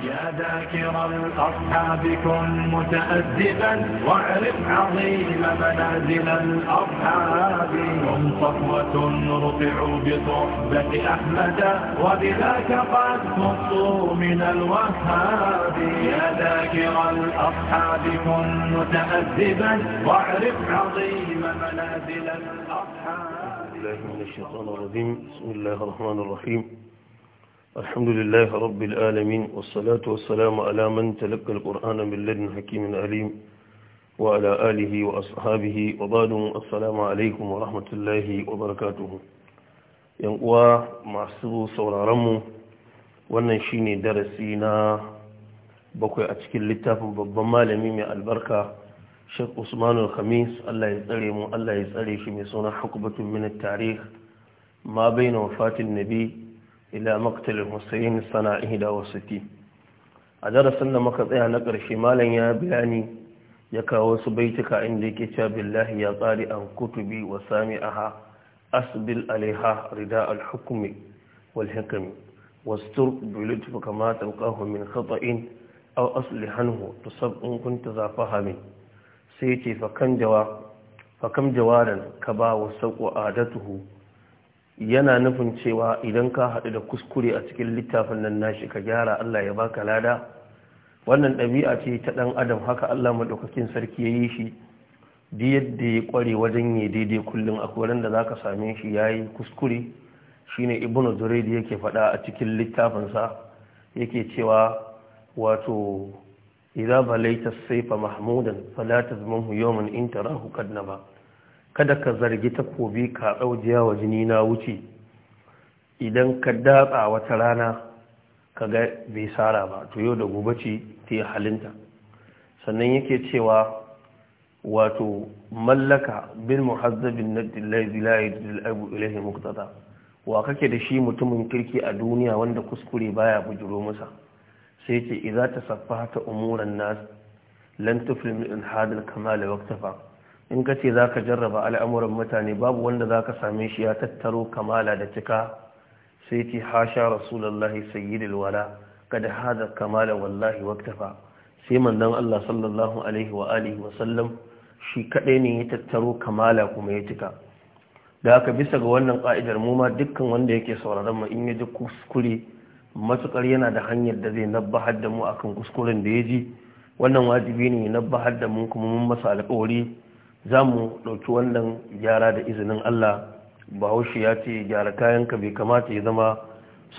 يا ذاكر الأصحاب كن متأدبا واعرف عظيم منازل الأصحاب هم صفوة رفعوا بصحبة أحمد وبذاك قد خصوا من الوهاب يا ذاكر الأصحاب كن متأدبا واعرف عظيم منازل الأصحاب بسم الله بسم الله الرحمن الرحيم الحمد لله رب العالمين والصلاة والسلام على من تلقى القرآن من لدن حكيم عليم وعلى آله وأصحابه وبعد السلام عليكم ورحمة الله وبركاته ينقوى معصب sauraronmu wannan shine darasi na bakwai a cikin littafin babban malami mai albarka Sheikh Usman al-Khamis Allah ya tsare mu Allah ya tsare shi mai suna hukubatun min at ma baina wafatin nabi ila maktal husayn sana'ihi da wasati a darasin da muka tsaya na karshe malam ya bayani ya kawo su baitika inda yake cewa billahi ya tsari an kutubi wa sami'aha asbil alaiha rida alhukumi wal hikami wastur bi lutfi kama tanqahu min khata'in aw aslihanhu tusab in kunta za fahami sai ce fakan jawa fakam ka ba wa sauko adatuhu yana nufin cewa idan ka haɗu da kuskure a cikin littafin nan nashi ka gyara Allah ya baka lada wannan ɗabi'a ce ta ɗan adam haka Allah maɗaukakin sarki ya yi shi di yadda ya ƙware wajen ya daidai kullum a koren da za ka same shi ya yi kuskure shine ibnu zuraidi yake faɗa a cikin littafinsa yake cewa wato idza balaita saifa mahmudan fala tazmamhu yawman in tarahu na ba. kada ka zargi takobi ka ɗaujiya wa jini na wuce idan ka datsa wata rana ka ga bai sara ba to yau da gobe ce ta yi halinta sannan yake cewa wato mallaka bin muhazzabin na dillahi abu ilahi wa kake da shi mutumin kirki a duniya wanda kuskure baya bujuro masa sai ce idza ta umuran nas lan tuflim min hadal kamal waqtafa in ka ce za ka jarraba al'amuran mutane babu wanda za ka same shi ya tattaro kamala da cika sai ce hasha rasulallah sayyidul wala kada hada kamala wallahi waktafa sai manzon Allah sallallahu alaihi wa alihi wa sallam shi kadai ne ya tattaro kamala kuma ya cika da haka bisa ga wannan ka'idar mu ma dukkan wanda yake sauraron mu in ya ji kuskure matukar yana da hanyar da zai nabba da mu akan kuskuren da ya ji wannan wajibi ne ya da mu kuma mun masa alƙawari za mu ɗauki wannan gyara da izinin Allah ba bahaushe ya ce gyara kayanka bai kamata ya zama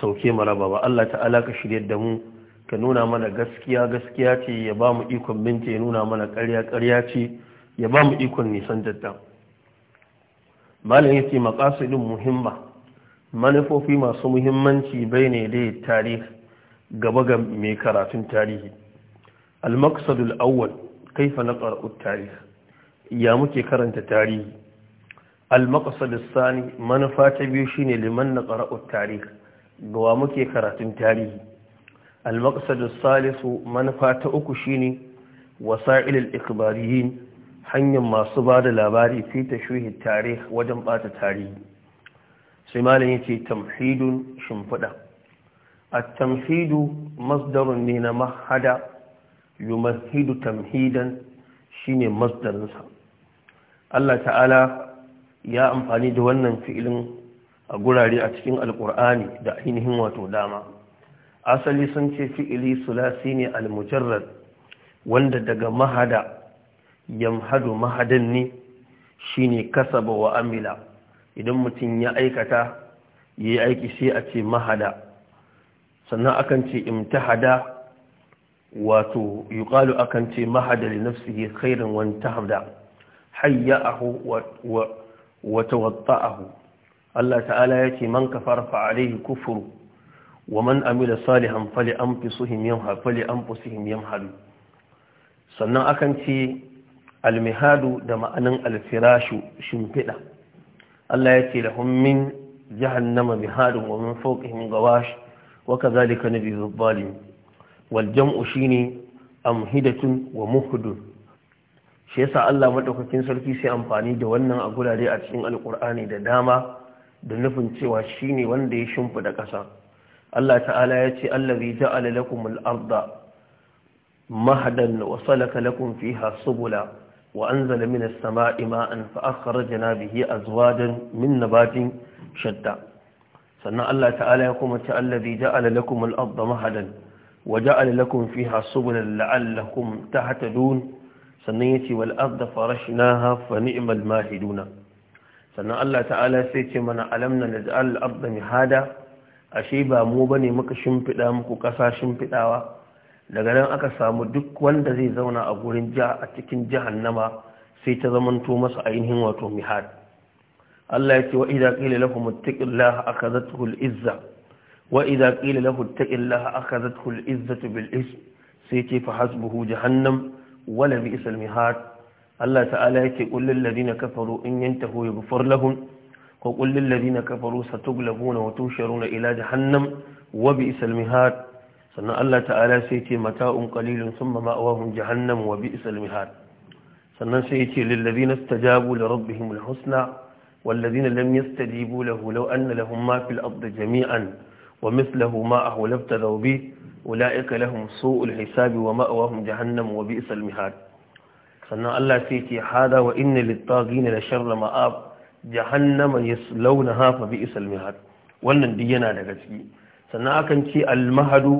sauke maraba ba Allah ta'ala ka shirya da mu ka nuna mana gaskiya gaskiya ce ya ba mu ikon binta ya nuna mana karya, karya ce ya ba mu ikon nisan jatta malam ya ce muhimma manufofi masu muhimmanci bai ne dai tarihi gaba ga mai karatun tarihi al-maqsadul awwal fa na at-tarikh ya muke karanta tarihi al sani manufa ta biyu shine liman naqra'u tarih ga wa muke karatun tarihi al Salisu manufa ta uku shine wasa'il al-ikhbariyin hanyar masu bada labari fi tashwihi tarih wajen bata tarihi sai malam yace tamhidun shimfida at-tamhidu masdarun ne na mahada yumahidu tamhidan shine masdarinsa Allah ta'ala ya amfani da wannan fi'ilin a gurare a cikin alƙur'ani da ainihin wato dama asali sun ce fi'ili sulasi ne almujarrad wanda daga mahada yamhadu mahadan ne shine kasaba wa amila idan mutum ya aikata ya yi aiki sai a ce mahada sannan akan ce imtahada wato yuqalu akan ce mahada li nafsihi wani tahada hada. hayya'ahu wa tawatta'ahu Allah ta'ala yace man kafara alaihi alayhi kufru wa man amila salihan fali anfusuhum yamha fali anfusuhum yamhalu sannan akan ce almihadu da ma'anin alfirashu shimfiɗa. Allah yace lahum jihar nama mihadun wa min fawqihim gawash wa kadhalika nabiyyu adh-dhalim wal jam'u shine amhidatun wa muhdun shi yasa Allah madaukakin sarki sai amfani da wannan a gurare a cikin alkur'ani da dama da nufin cewa shine wanda ya da ƙasa Allah ta'ala ya ce allazi ja'ala lakum al-ardha mahadan wa salaka lakum fiha subula wa anzala minas samai ma'an fa akhrajna bihi azwajan min nabatin shatta sannan Allah ta'ala ya kuma ce allazi ja'ala lakum al-ardha mahadan wa ja'ala lakum fiha subula la'allakum tahtadun sannan yace da arda farashnaha fa ni'mal mahiduna sannan Allah ta'ala sai ce mana alam na al'ad da mihada ashe ba mu bane muka shimfiɗa muku ƙasa shimfiɗawa daga nan aka samu duk wanda zai zauna a gurin ja a cikin nama, sai ta zamanto masa ainihin wato mihad Allah ya ce wa'iza ƙila qila lahum ittaqillaha akhadhathu al-izza waiza ƙila qila lahu ittaqillaha akhadhathu al-izzatu bil ism sai ce fa hasbuhu jahannam wala bi isal mihad Allah ta'ala yake ƙullin ladina kafaru in yantahu yughfar lahum wa ƙullin ladina kafaru satuglabuna wa tusharuna ila jahannam wa bi isal mihad sannan Allah ta'ala sai yake mata'un qalilun thumma ma'awahum jahannam wa bi isal mihad sannan sai yake lil ladina istajabu li rabbihim al husna wal ladina lam yastajibu lahu law anna lahum ma fil ardi jami'an wa mithluhu ma'ahu laftazaw bihi ula'ika lahum su'ul hisabi wa ma'awahum jahannam wa bi'sal sannan Allah sai ce hada wa inna lit-tagina la sharra ma'ab hafa yaslawnaha fa bi'sal mihad wannan duk yana daga ciki sannan akan ce al-mahadu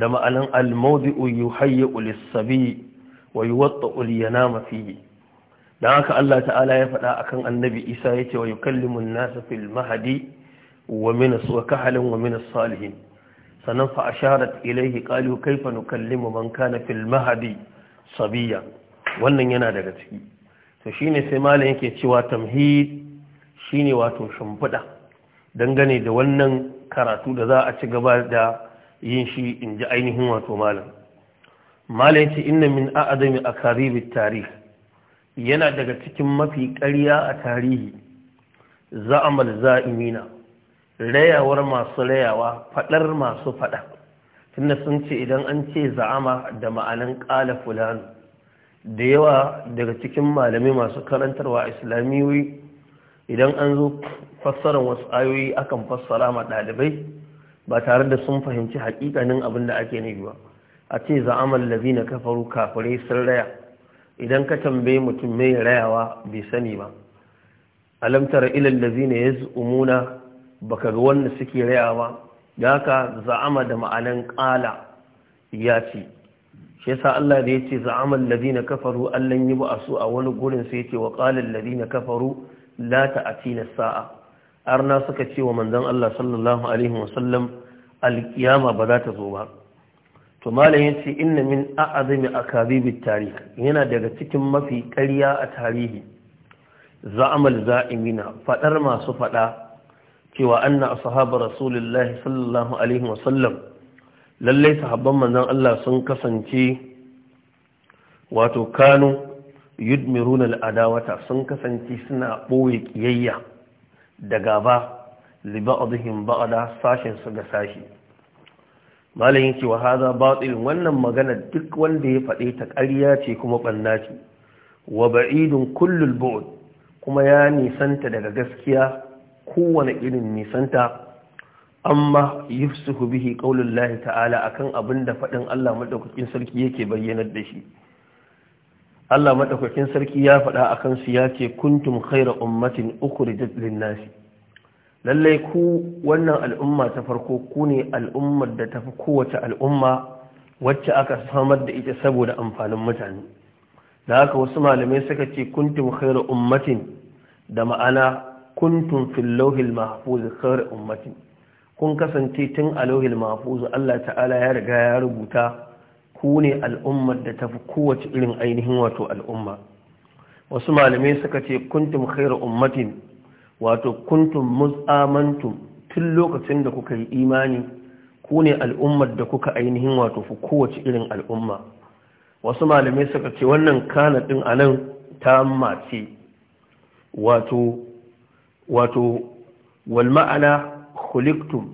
da ma'anan al-mawdi'u yuhayyu lis-sabi wa yuwatta'u al-yanama fihi dan haka Allah ta'ala ya faɗa akan annabi Isa yace wa yukallimu an-nasa fil mahadi wa min as-kahalin wa min as-salihin sannan fa asharat ilaihi qalu kaifa nukallimu man kana fil mahdi sabiya wannan yana daga ciki to shine sai malam yake cewa tamhid shine wato shimfida dangane da wannan karatu da za a ci gaba da yin shi inji ainihin wato malam malam yace inna min a akaribit tarih yana daga cikin mafi ƙarya a tarihi za'amal za'imina rayawar masu rayawa faɗar masu faɗa, tunda sun ce idan an ce za'ama da ma'anan ƙala fulani da yawa daga cikin malamai masu karantarwa islamiyoyi idan an zo fassarar wasu ayoyi akan fassara ma ɗalibai ba tare da sun fahimci haƙiƙanin abin da ake nufi ba a ce za'amar lazi na kafaru kafirai sun raya idan ka tambaye mutum mai rayawa bai sani ba alamtar ilal lazi na ya umuna baka ga wanda suke raya ba da haka za'ama da ma'anar ƙala ya ce shi yasa Allah da yace za'ama alladhina kafaru allan su a wani gurin sai yace wa qala na kafaru la ta'tina as-sa'a arna suka ce wa manzon Allah sallallahu alaihi ba za ta zo ba to malam yace inna min a akabibit tarikh yana daga cikin mafi ƙarya a tarihi za'amal za'imina fadar masu fada cewa anna ashabu rasulillahi sallallahu alaihi wasallam lallai sahabban manzon Allah sun kasance wato kanu yudmiruna al'adawata sun kasance suna boye kiyayya da gaba li ba'dihim ba'da sashin su ga sashi malamin cewa haza batil wannan magana duk wanda ya faɗe ta ƙarya ce kuma ɓanna ce wa ba'idun kullul bu'd kuma ya nisanta daga gaskiya kowane irin nisanta amma yufsuhu bihi qaulullahi ta'ala akan abin da fadin Allah madaukakin sarki yake bayyanar da shi Allah madaukakin sarki ya faɗa akan su ya ce kuntum khayra ummatin ukhrijat lin-nas lalle ku wannan al'umma ta farko ku ne al'ummar da tafi kowace al'umma wacce aka samar da ita saboda amfanin mutane da haka wasu malamai suka ce kuntum khayra ummatin da ma'ana Kuntun fil lauhil mahfuz ummati kun kasance tun a lauhil mahfuz Allah ta'ala ya riga ya rubuta ku ne al'ummar da tafi kowace irin ainihin wato al'umma wasu malamai suka ce kuntum khair ummatin wato kuntum muzamantum tun lokacin da kuka yi imani ku ne al'ummar da kuka ainihin wato fi kowace irin al'umma wasu malamai suka ce wannan kana din anan ta mace wato wato walma'ana ma'ana khuliqtum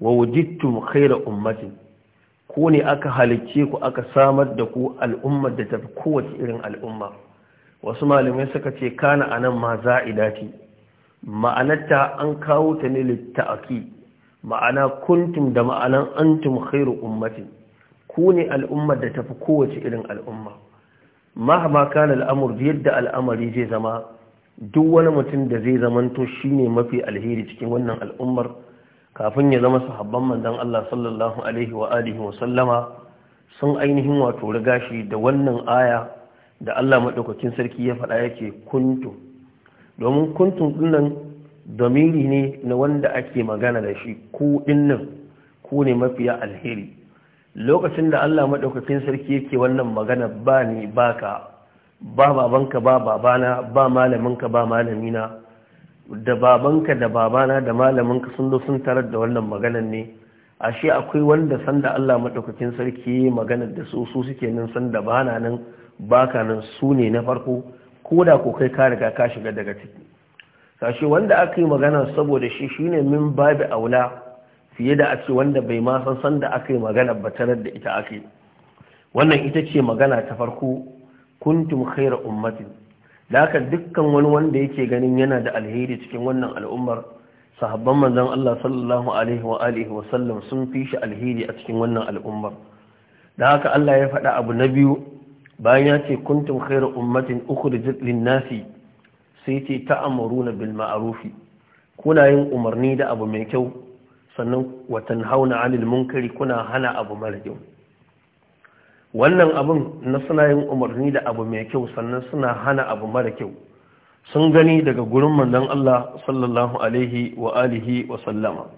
wa wujidtum khayra ummatin ko ne aka halicce ku aka samar da ku al'ummar da tafi kowace irin al'umma wasu malamai suka ce kana anan ma za'ida ce ma'anarta an kawo ta ne litta'aki ma'ana kuntum da ma'anan antum khairu ummati ku ne al'ummar da tafi kowace irin al'umma mahama kana al'amur yadda al'amari zai zama duk wani mutum da zai zamanto ne mafi alheri cikin wannan al'ummar kafin ya zama sahabban manzon Allah sallallahu alaihi wa alihi wa sallama sun ainihin wato riga shi da wannan aya da Allah madaukakin sarki ya faɗa yake kuntu domin kuntun ɗinnan damiri ne na wanda ake magana da shi ku dinnan ku ne mafiya alheri lokacin da Allah madaukakin sarki yake wannan magana ba ne baka ba babanka ba babana ba malaminka ba malamina da babanka da babana da malaminka sun zo sun tarar da wannan maganar ne ashe akwai wanda sanda Allah madaukakin sarki maganar da su su suke nan sanda bana nan baka nan su ne na farko koda ko kai ka riga ka shiga daga ciki sashi wanda aka yi magana saboda shi shine min babu aula fiye da a ce wanda bai ma san sanda aka yi magana ba tarar da ita ake wannan ita ce magana ta farko kuntum khaira ummatin da haka dukkan wani wanda yake ganin yana da alheri cikin wannan al'ummar sahabban manzon Allah sallallahu alaihi wa alihi wa sallam sun fi shi alheri a cikin wannan al'ummar da haka Allah ya faɗa abu na biyu bayan ya ce kuntum khairu ummatin ukhrijat lin-nasi sai ce ta'amuruna bil ma'rufi kuna yin umarni da abu mai kyau sannan watan hauna 'anil munkari kuna hana abu mara kyau wannan abin na suna yin umarni da abu mai kyau sannan suna hana abu mara kyau sun gani daga gurin mandan Allah sallallahu alaihi wa alihi wa sallama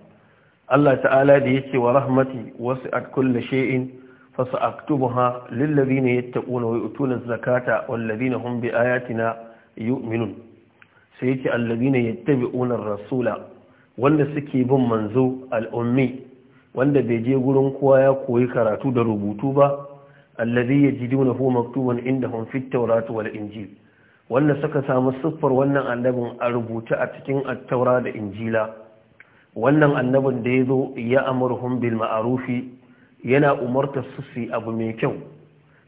Allah ta'ala da yake wa rahmati wasu at kulli shay'in fa sa'aktubuha lil ladina yattaquna wa yu'tuna zakata wal ladina hum bi ayatina yu'minun sai yake alladina yattabi'una rasula wanda suke bin manzo al-ummi wanda bai je gurin kowa ya koyi karatu da rubutu ba alladhi yajidunahu maktuban mun fit tawrat wal injil wanda suka samu siffar wannan annabin a rubuta a cikin taura da injila wannan annabin da ya zo ya amurhum bilma'arufi yana umartar su su abu mai kyau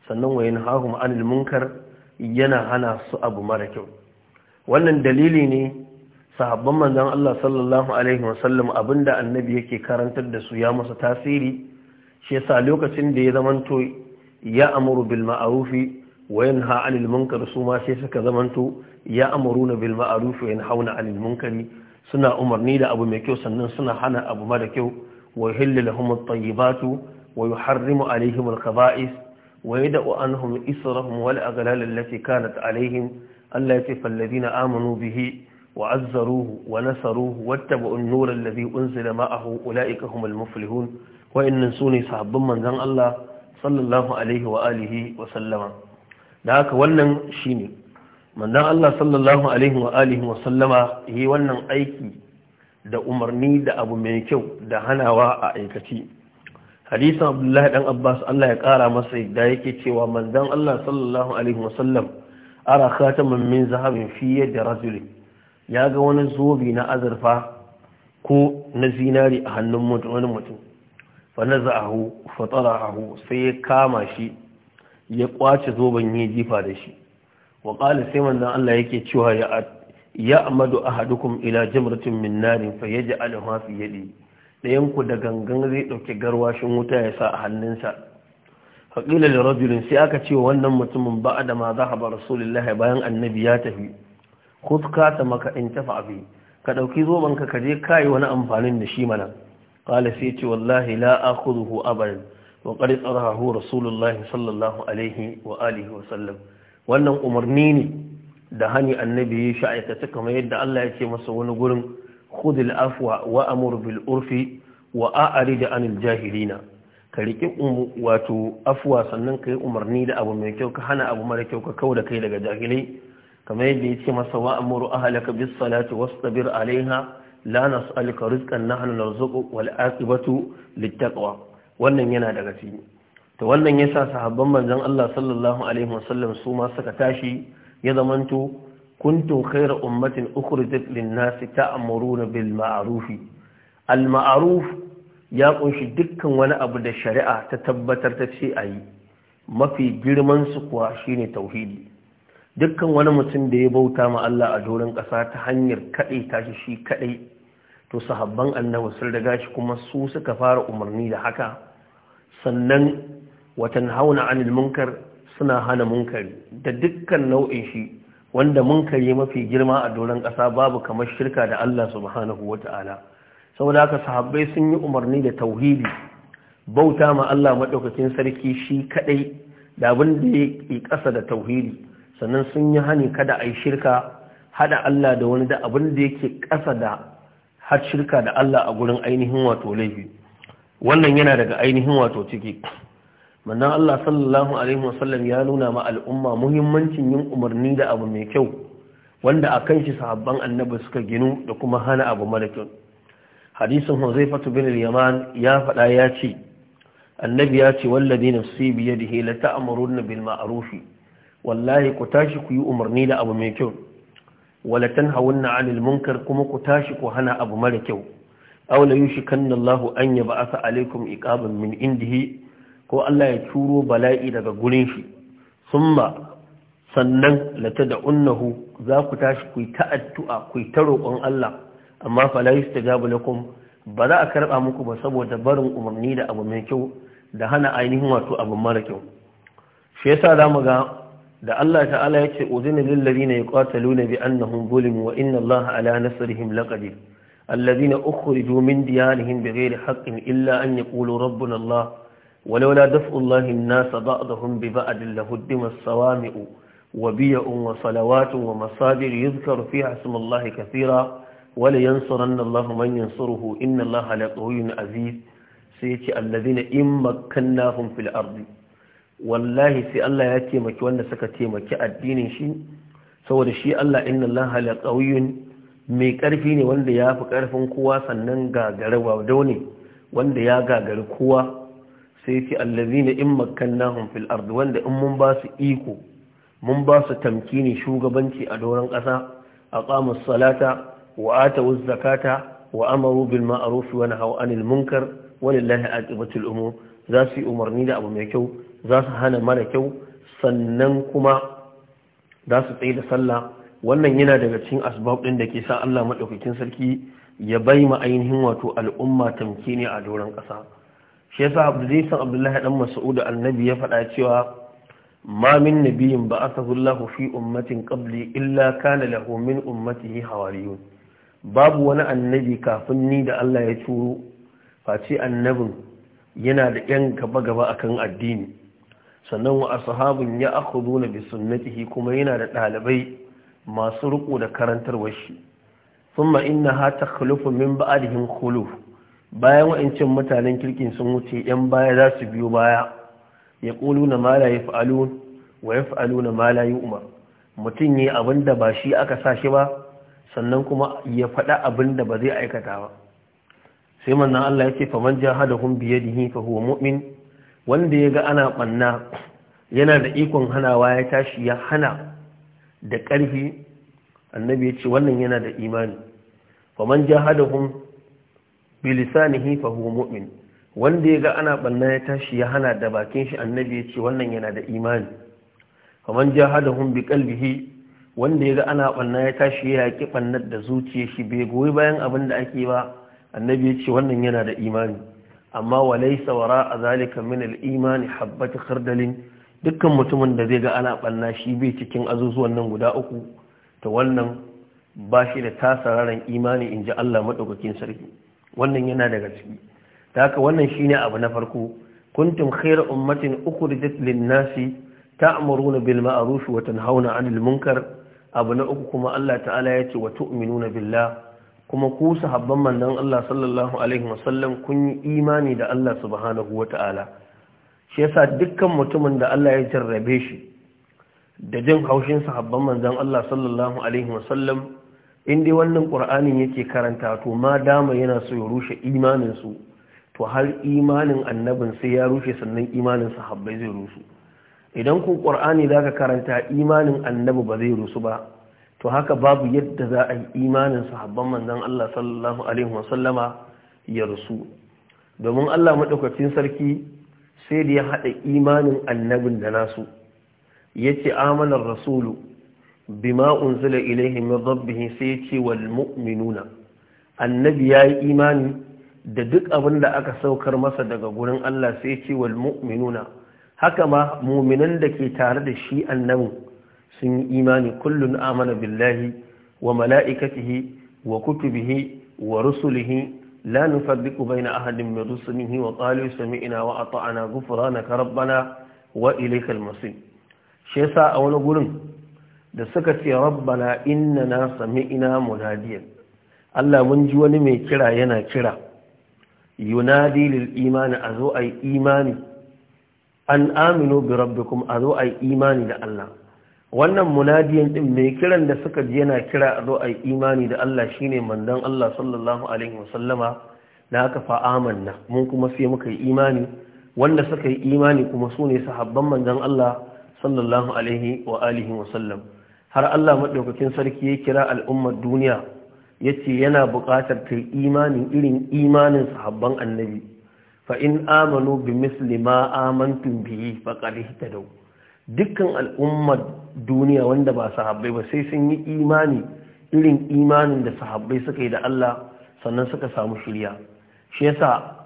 sannan wayan hahum anil munkar yana hana su abu mara kyau wannan dalili ne sahabban manzon Allah sallallahu alaihi wasallam abinda annabi yake karantar da su ya masa tasiri shi yasa lokacin da ya zamanto ya amuru bil ma'arufi wa yanha 'anil munkar su sai suka zamanto ya amuruna bil ma'arufi wa yanhauna 'anil munkari suna umarni da abu mai kyau sannan suna hana abu mara kyau wa yuhillu at-tayyibatu wa yuharrimu 'alayhim al-khaba'is wa yad'u anhum israhum wal aghlal allati kanat 'alayhim allati fal ladina amanu bihi وعزروه ونصروه واتبعوا النور الذي أنزل معه أولئك هم المفلحون وإن ننسوني صحب من ذن Allah. sallallahu alaihi wa alihi wa sallama da haka wannan shine manzon Allah sallallahu alaihi wa alihi wa sallama yi wannan aiki da umarni da abu mai kyau da hanawa a aikaci hadisin Abdullahi dan Abbas Allah ya kara masa da yake cewa Mandan Allah sallallahu alaihi wa sallam ara khataman min zahabin fi yadi rajulin ya ga wani zobe na azurfa ko na zinari a hannun wani mutum Fanaza naza'ahu fa tara'ahu sai ya kama shi ya kwace zoban ya jifa da shi wa sai manzon Allah yake cewa ya ya'madu ahadukum ila jamratin min narin fa yaj'aluha fi yadi dayan ku da gangan zai ɗauki garwashin wuta ya sa a hannunsa faƙila da rajulun sai aka ce wannan mutumin ba da ma za a ba rasulullah bayan annabi ya tafi kuska ta maka in tafa abi ka ɗauki zoben ka je kayi wani amfanin da shi mana qala sai ce wallahi la akhuduhu abadan wa qad tsarahu rasulullahi sallallahu alaihi wa wa sallam wannan umarni ne da hani annabi ya shi aikata kamar yadda Allah ya ce masa wani gurin khudil afwa wa amur bil urfi wa da anil jahilina ka riƙi wato afuwa sannan ka yi umarni da abu mai kyau ka hana abu mara kyau ka kau da kai daga jahilai kamar yadda ya ce masa wa amuru ahalaka bis salati wastabir alaiha la nas'aluka rizqan nahnu narzuqu wal aqibatu littaqwa wannan yana daga cikin to wannan yasa sahabban manzon Allah sallallahu alaihi wasallam su ma suka tashi ya zamanto kuntum khayra ummatin ukhrijat lin-nas ta'muruna bil ma'ruf al ma'ruf ya kunshi dukkan wani abu da shari'a ta tabbatar ta ce ayi mafi girman su kuwa shine tauhidi dukkan wani mutum da ya bauta ma Allah a doron ƙasa ta hanyar kaɗai tashi shi kaɗai to sahabban annabi sun riga shi kuma su suka fara umarni da haka sannan watan hauna anil munkar suna hana munkari da dukkan nau'in shi wanda munkari mafi girma a doron ƙasa babu kamar shirka da Allah subhanahu wata'ala saboda haka sahabbai sun yi umarni da tauhidi bauta ma Allah madaukakin sarki shi kadai da abin da ya ƙasa da tauhidi sannan sun yi hani kada a yi shirka hada Allah da wani da abin da yake ƙasa da har shirka da Allah a gurin ainihin wato laifi wannan yana daga ainihin wato ciki manna Allah sallallahu alaihi wasallam ya nuna ma al'umma muhimmancin yin umarni da abu mai kyau wanda a kan shi sahabban annabi suka ginu da kuma hana abu mara kyau hadisin huzaifa bin yaman ya faɗa ya ce annabi ya ce wallazi nafsi bi yadihi la ta'muruna bil ma'ruf wallahi ku tashi ku yi umarni da abu mai kyau wala tanhawunna 'anil munkar kuma ku tashi ku hana abu mara kyau aw la yushikanna Allahu an yab'atha 'alaykum iqaban min indihi ko Allah ya turo bala'i daga gurin shi summa sannan latad'unnahu za ku tashi ku ta addu'a ku ta roƙon Allah amma fala yustajabu lakum ba za a karba muku ba saboda barin umarni da abu mai kyau da hana ainihin wato abu mara kyau shi yasa zamu ga da Allah ta'ala ya ce uzini lillazi ne ya kwata lunabi bi an nahun wa inna Allah ala nasarihim laƙari allazi na uku rijo min diyarihin da zai da haƙin illa an ya ƙulo rabbin Allah walaula daf'ullahi nasa ba da hun bi ba a sawami'u wa biya un wa salawatu wa masajir yuzkar fi hasim kafira wala yan suran Allah manyan suruhu inna Allah ala ƙoyin aziz sai ya ce allazi na in makkan nahun fil ardi wallahi sai Allah ya taimaki wanda suka taimaki addinin shi saboda shi Allah inna Allah la qawiyyun mai karfi ne wanda ya fi karfin kowa sannan gagarawa daune wanda ya gagari kowa sai ce allazina in makkannahum fil ard wanda in mun ba su iko mun ba su tamkini shugabanci a doron ƙasa aqamus salata wa atawuz zakata wa amaru bil ma'ruf wa nahaw anil munkar walillahi aqibatul umur za su yi umarni da abu mai kyau za su hana mara kyau sannan kuma za su tsaye da sallah wannan yana daga cikin asbab ɗin da ke sa Allah maɗaukakin sarki ya bai ma ainihin wato al'umma tamke ne a doron ƙasa shi yasa abdullahi san abdullahi dan mas'ud annabi ya faɗa cewa ma min nabiyin ba'athahu Allah fi ummatin qabli illa kana lahu min ummatihi hawariyun babu wani annabi kafin ni da Allah ya turo face annabin yana da yan gaba-gaba akan addini sannan wa ashabun ya akhuduna bi sunnatihi kuma yana da ɗalibai masu riko da karantarwar shi thumma ta khulufu min ba'dihim khuluf bayan wa'incin mutanen kirkin sun wuce yan baya za su biyo baya Ya yaquluna ma la yaf'alun wa yaf'aluna ma la yu'mar mutum yi abinda ba shi aka sa shi ba sannan kuma ya faɗa abinda ba zai aikata ba sai manna Allah ya ce faman jahadahum bi yadihi fa huwa mu'min wanda yaga ana banna yana da ikon hanawa ya tashi ya hana da ƙarfi annabi ya ce wannan yana da imani faman jahadahum bi lisanihi fa huwa mu'min wanda yaga ana banna ya tashi ya hana da bakin shi annabi ya ce wannan yana da imani faman jahadahum bi qalbihi wanda yaga ana banna ya tashi ya yaki bannar da zuciyar shi bai goyi bayan abin da ake ba annabi ya ce wannan yana da imani amma walaisa wara a zalika minal imani habbatu khardalin dukkan mutumin da zai ga ana banna shi bai cikin azuzuwan nan guda uku ta wannan ba shi da tasararan imani in ji Allah maɗaukakin sarki wannan yana daga ciki ta haka wannan shine abu na farko kuntum khairu ummatin ukhrijat lin-nasi ta'muruna bil ma'ruf wa tanhauna 'anil munkar abu na uku kuma Allah ta'ala ya ce wa tu'minuna billah kuma ku sahabban manzon Allah sallallahu alaihi wasallam kun yi imani da Allah subhanahu wata'ala shi yasa dukkan mutumin da Allah ya jarrabe shi da jin haushin sahabban manzon Allah sallallahu alaihi wasallam in dai wannan qur'anin yake karanta to ma dama yana so ya rushe imanin su to har imanin annabin sai ya rushe sannan imanin sahabbai zai rusu idan ku qur'ani zaka karanta imanin annabi ba zai rusu ba to haka babu yadda za a yi imanin sahabban manzan Allah sallallahu alaihi wasallama ya rusu domin Allah madaukakin sarki sai da ya hada imanin annabin da nasu yace amanar rasulu bima unzila ilaihi min rabbih sai yace wal mu'minuna annabi yayi imani da duk abin da aka saukar masa daga gurin Allah sai yace wal mu'minuna haka ma mu'minan da ke tare da shi annabin sun yi imani kullun amana billahi wa mala'ikatihi wa kutubihi wa rusulihi la nufaddiqu bayna ahadin min rusulihi wa qalu sami'na wa ata'na ghufranaka rabbana wa ilaykal masir shi yasa a wani gurin da suka ce rabbana innana sami'na munadiyan Allah mun ji wani mai kira yana kira yunadi lil imani a yi imani an aminu bi rabbikum a yi imani da Allah wannan munadiyan din mai kiran da suka ji yana kira a zo a imani da Allah shine mandan Allah sallallahu alaihi wasallama na aka amanna mun kuma sai muka yi imani wanda suka yi imani kuma su ne sahabban manzon Allah sallallahu alaihi wa alihi wasallam har Allah maɗaukakin sarki ya kira al'ummar duniya ya ce yana buƙatar yi imanin irin imanin sahabban annabi fa in amanu bi misli ma amantum bihi faqad ihtadaw dukkan al'ummar duniya wanda ba sahabbai ba sai sun yi imani irin imanin da sahabbai suka yi da Allah sannan suka samu shirya shi yasa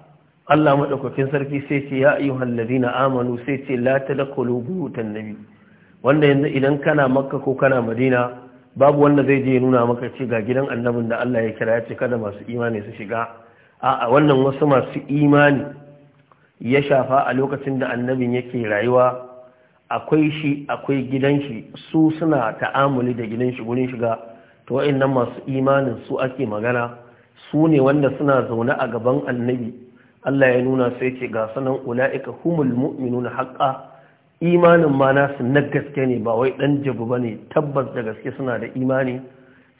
Allah maɗaukakin sarki sai ce ya ayyuhal ladina amanu sai ce la tadkhulu buyutan nabi wanda yanzu idan kana makka ko kana madina babu wanda zai je nuna maka ce ga gidan annabin da Allah ya kira ya ce kada masu imani su shiga a wannan wasu masu imani ya shafa a lokacin da annabin yake rayuwa akwai shi akwai gidan shi su suna ta'amuli da gidan shi wurin shiga to wayannan masu imanin su ake magana su ne wanda suna zaune a gaban annabi Allah ya nuna sai ce ga sanan ula'ika humul mu'minuna haqqan imanin ma nasu na gaske ne ba wai dan jabu bane tabbas da gaske suna da imani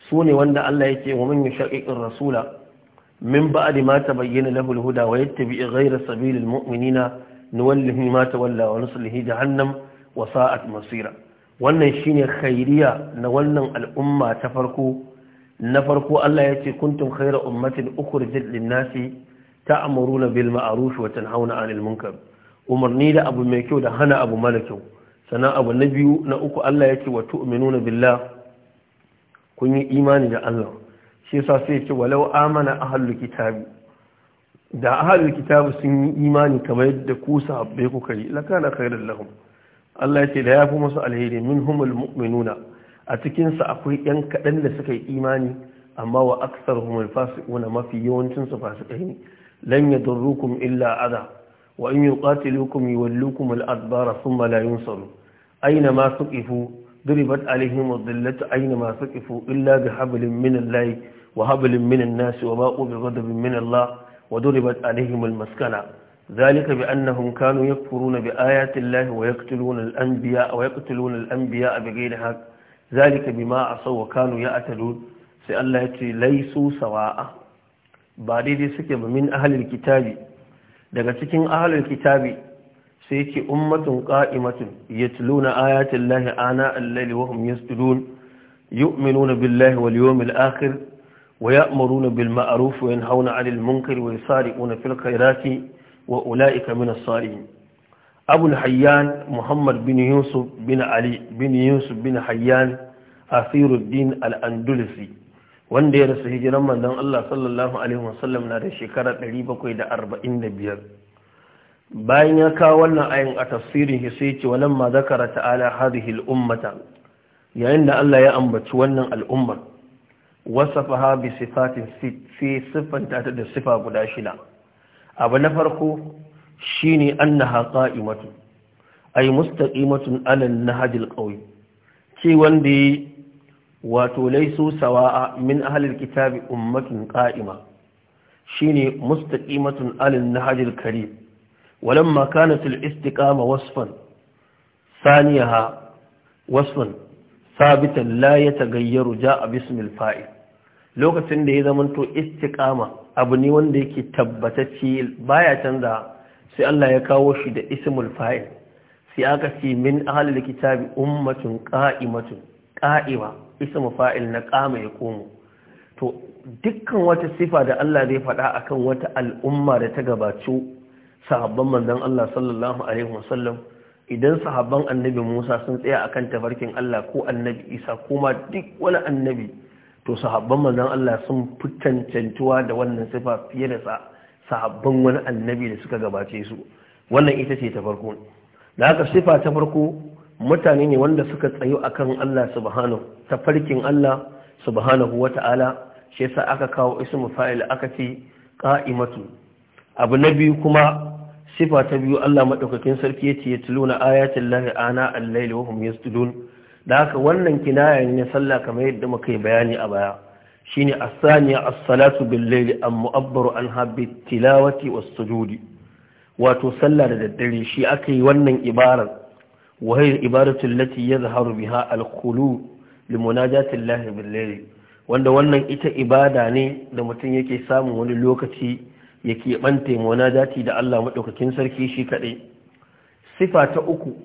su ne wanda Allah yake wa man yushaqiqir rasula min ba'di ma tabayyana lahu al-huda wa yattabi' ghayra sabilil mu'minina nuwallihi ma tawalla wa nuslihi jahannam wa masira wannan shine khairiya na wannan al'umma ta farko na farko Allah ya ce kuntum khayra ummatin ukhrijat lin-nasi ta'muruna bil ma'ruf wa tanhauna 'anil munkar umarni da abu mai kyau da hana abu mara kyau sannan abu na biyu na uku Allah ya ce wa tu'minuna billah kun yi imani da Allah shi yasa sai ya ce walau amana ahlul kitabi da ahlul kitabi sun yi imani kamar yadda ku bai kuka yi lakana khairan lahum Allah ya ce da ya fi musu alheri min humul mu'minuna a cikinsa akwai ‘yan kaɗan da suka yi imani amma wa aksar humul fasi'una mafi yawancinsu fasikai ne lan ya durrukum illa adha wa in yuqatilukum yuwallukum al-adbara thumma la yunsaru aina ma suqifu duribat alaihim ad-dillatu aina ma suqifu illa bi hablin min Allah wa hablin min an-nas wa ba'u bi ghadabin min Allah wa duribat alaihim al-maskana ذلك بأنهم كانوا يكفرون بآيات الله ويقتلون الأنبياء ويقتلون الأنبياء بغير حق ذلك بما عصوا وكانوا يعتدون سأل الله ليسوا سواء بعد سكب من أهل الكتاب daga cikin ahalar kitabi sai ce ummatun qa'imatun yatluna ayatin lahi ana al-layli wa hum yasjudun yu'minuna billahi wal yawmil akhir wa ya'muruna bil ma'ruf wa yanhauna 'anil munkari wa wa ula'ika min as-salihin abul hayyan muhammad bin yusuf bin ali bin yusuf bin hayyan asiruddin al-andalusi wanda ya rasu hijiran manzon Allah sallallahu alaihi wasallam na da shekara 745 bayan ya kawo wannan ayin a tafsirin shi sai ce walamma zakara ta'ala hadhihi al-ummata yayin da Allah ya ambaci wannan al'ummar wasafaha bi sifatin fi sifanta ta da sifa guda shida abu na farko shine annaha qa'imatu ay mustaqimatun ala na nahjil qawi ce wanda yi wato laisu sawa'a min ahli kitabi ummatun ƙa'ima shine mustaqimatun ala an-nahjil karim walamma kanat al-istiqama wasfan ثانيها وصف ta لا يتغير جاء باسم الفاعل Lokacin da ya zamanto istiƙama abu ne wanda yake tabbatacce baya canza sai Allah ya kawo shi da ismul fa'il sai aka ce min ahlil kitabi ummatun qa'imatun qa'ima ismul fa'il na qama ya komo to dukkan wata sifa da Allah zai faɗa akan wata al'umma da ta gabaci sahabban manzon Allah sallallahu alaihi wasallam idan sahabban annabi Musa sun tsaya akan tafarkin Allah ko annabi Isa kuma duk wani annabi to sahabban manzon Allah sun fi cancantuwa da wannan sifa fiye da sahabban wani annabi da suka gabace su wannan ita ce ta farko da haka sifa ta farko mutane ne wanda suka tsayo akan Allah subhanahu ta farkin Allah subhanahu wata'ala shi yasa aka kawo ismu fa'il aka ce qa'imatu abu na biyu kuma sifa ta biyu Allah madaukakin sarki yace yatluna ayatin lahi ana al-layli wa hum yasjudun da haka wannan kinaya ne sallah kamar yadda muka yi bayani a baya shine as-saniya as-salatu bil-layli mu'abbaru anha bit-tilawati was-sujudi wato sallah da daddare shi aka yi wannan ibarar wa hiya lati allati yadhharu biha al-khulu li munajati wanda wannan ita ibada ne da mutum yake samun wani lokaci yake bante munajati da Allah maɗaukakin sarki shi kadai sifa ta uku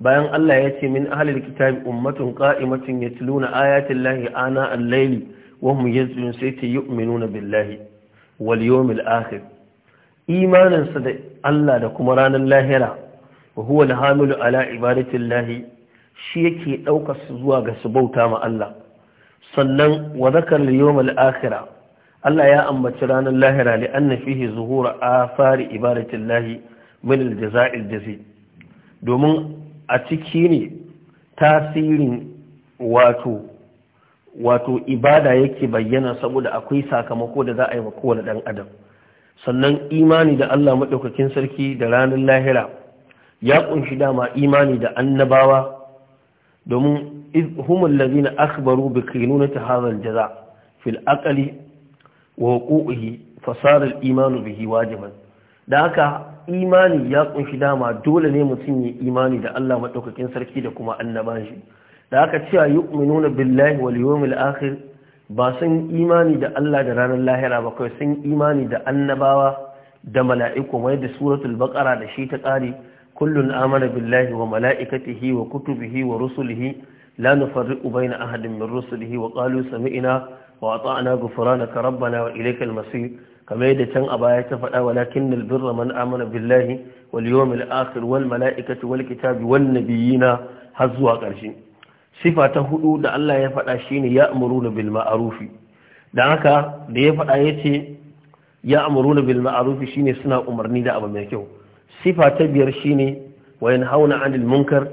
bayan Allah ya ce min ahlil kitabi ummatun qa'imatun yatluna ayatil lahi ana al-layli wa hum sai ta yu'minuna billahi wal yawmil akhir imanin sa da Allah da kuma ranar lahira wa huwa al-hamilu ala ibadatil lahi shi yake daukar su zuwa ga su bauta ma Allah sannan wa zakar al-yawmil akhir Allah ya ambaci ranar lahira li anna fihi zuhura afari ibadatil lahi min al-jaza'il jazi domin a ciki ne tasirin wato wato ibada yake bayyana saboda akwai sakamako da za a yi wa kowane ɗan adam sannan imani da Allah maɗaukakin sarki da ranar lahira ya ƙunshi dama imani da annabawa domin humul na akhbaru bi kinunati hadha aljaza fil aqli wa huquqihi fasara al bihi wajiban da haka imani ya kunshi dama dole ne mutum ya imani da Allah maɗaukakin sarki da kuma annaban shi da aka cewa yu'minuna billahi wal yawmil akhir ba sun imani da Allah da ranar lahira ba kai sun imani da annabawa da mala'iku mai da suratul baqara da shi ta kare kullun amana billahi wa mala'ikatihi wa kutubihi wa rusulihi la nufarriqu bayna ahadin min rusulihi wa qalu sami'na wa ata'na ghufranaka rabbana wa ilaykal masir kamar yadda can a baya ta faɗa walakin birra man amana billahi wal yawmil akhir wal mala'ikati wal kitabi wan na har zuwa ƙarshe sifa ta hudu da Allah ya faɗa shine ya'muruna bil ma'rufi Da haka da ya faɗa yace ya'muruna bil shi shine suna umarni da abu mai kyau sifa ta biyar shine wa hauna 'anil munkar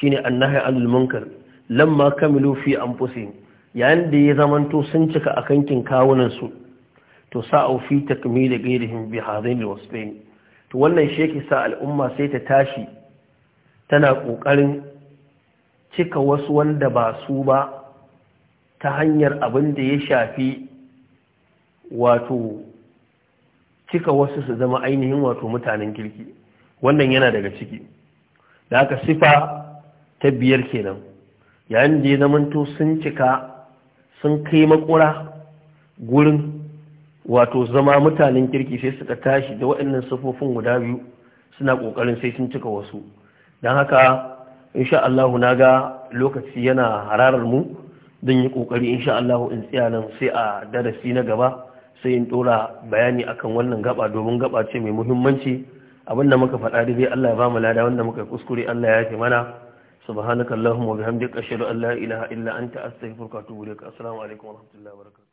shine annahi 'anil munkar lamma kamilu fi anfusihim yayin da ya zamanto sun cika akan kankin kawunan su to sa'au fi takmili ghairihim bi hadhain alwasfain to wannan shi sa al'umma sai ta tashi tana kokarin cika wasu wanda ba su ba ta hanyar abin da ya shafi wato cika wasu su zama ainihin wato mutanen kirki wannan yana daga ciki da aka sifa ta biyar kenan yayin da ya zamanto sun cika sun kai makura gurin wato zama mutanen kirki sai suka tashi da waɗannan sufofin guda biyu suna ƙoƙarin sai sun cika wasu don haka insha Allahu na ga lokaci yana hararar mu don yi ƙoƙari insha Allahu in tsaya nan sai a darasi na gaba sai in ɗora bayani akan wannan gaba domin gaba ce mai muhimmanci abin da muka faɗa dai Allah ya ba mu lada wanda muka kuskure Allah ya ce mana subhanakallahumma wa bihamdika ashhadu an la ilaha illa anta astaghfiruka wa atubu ilaik assalamu alaikum wa rahmatullahi wa barakatuh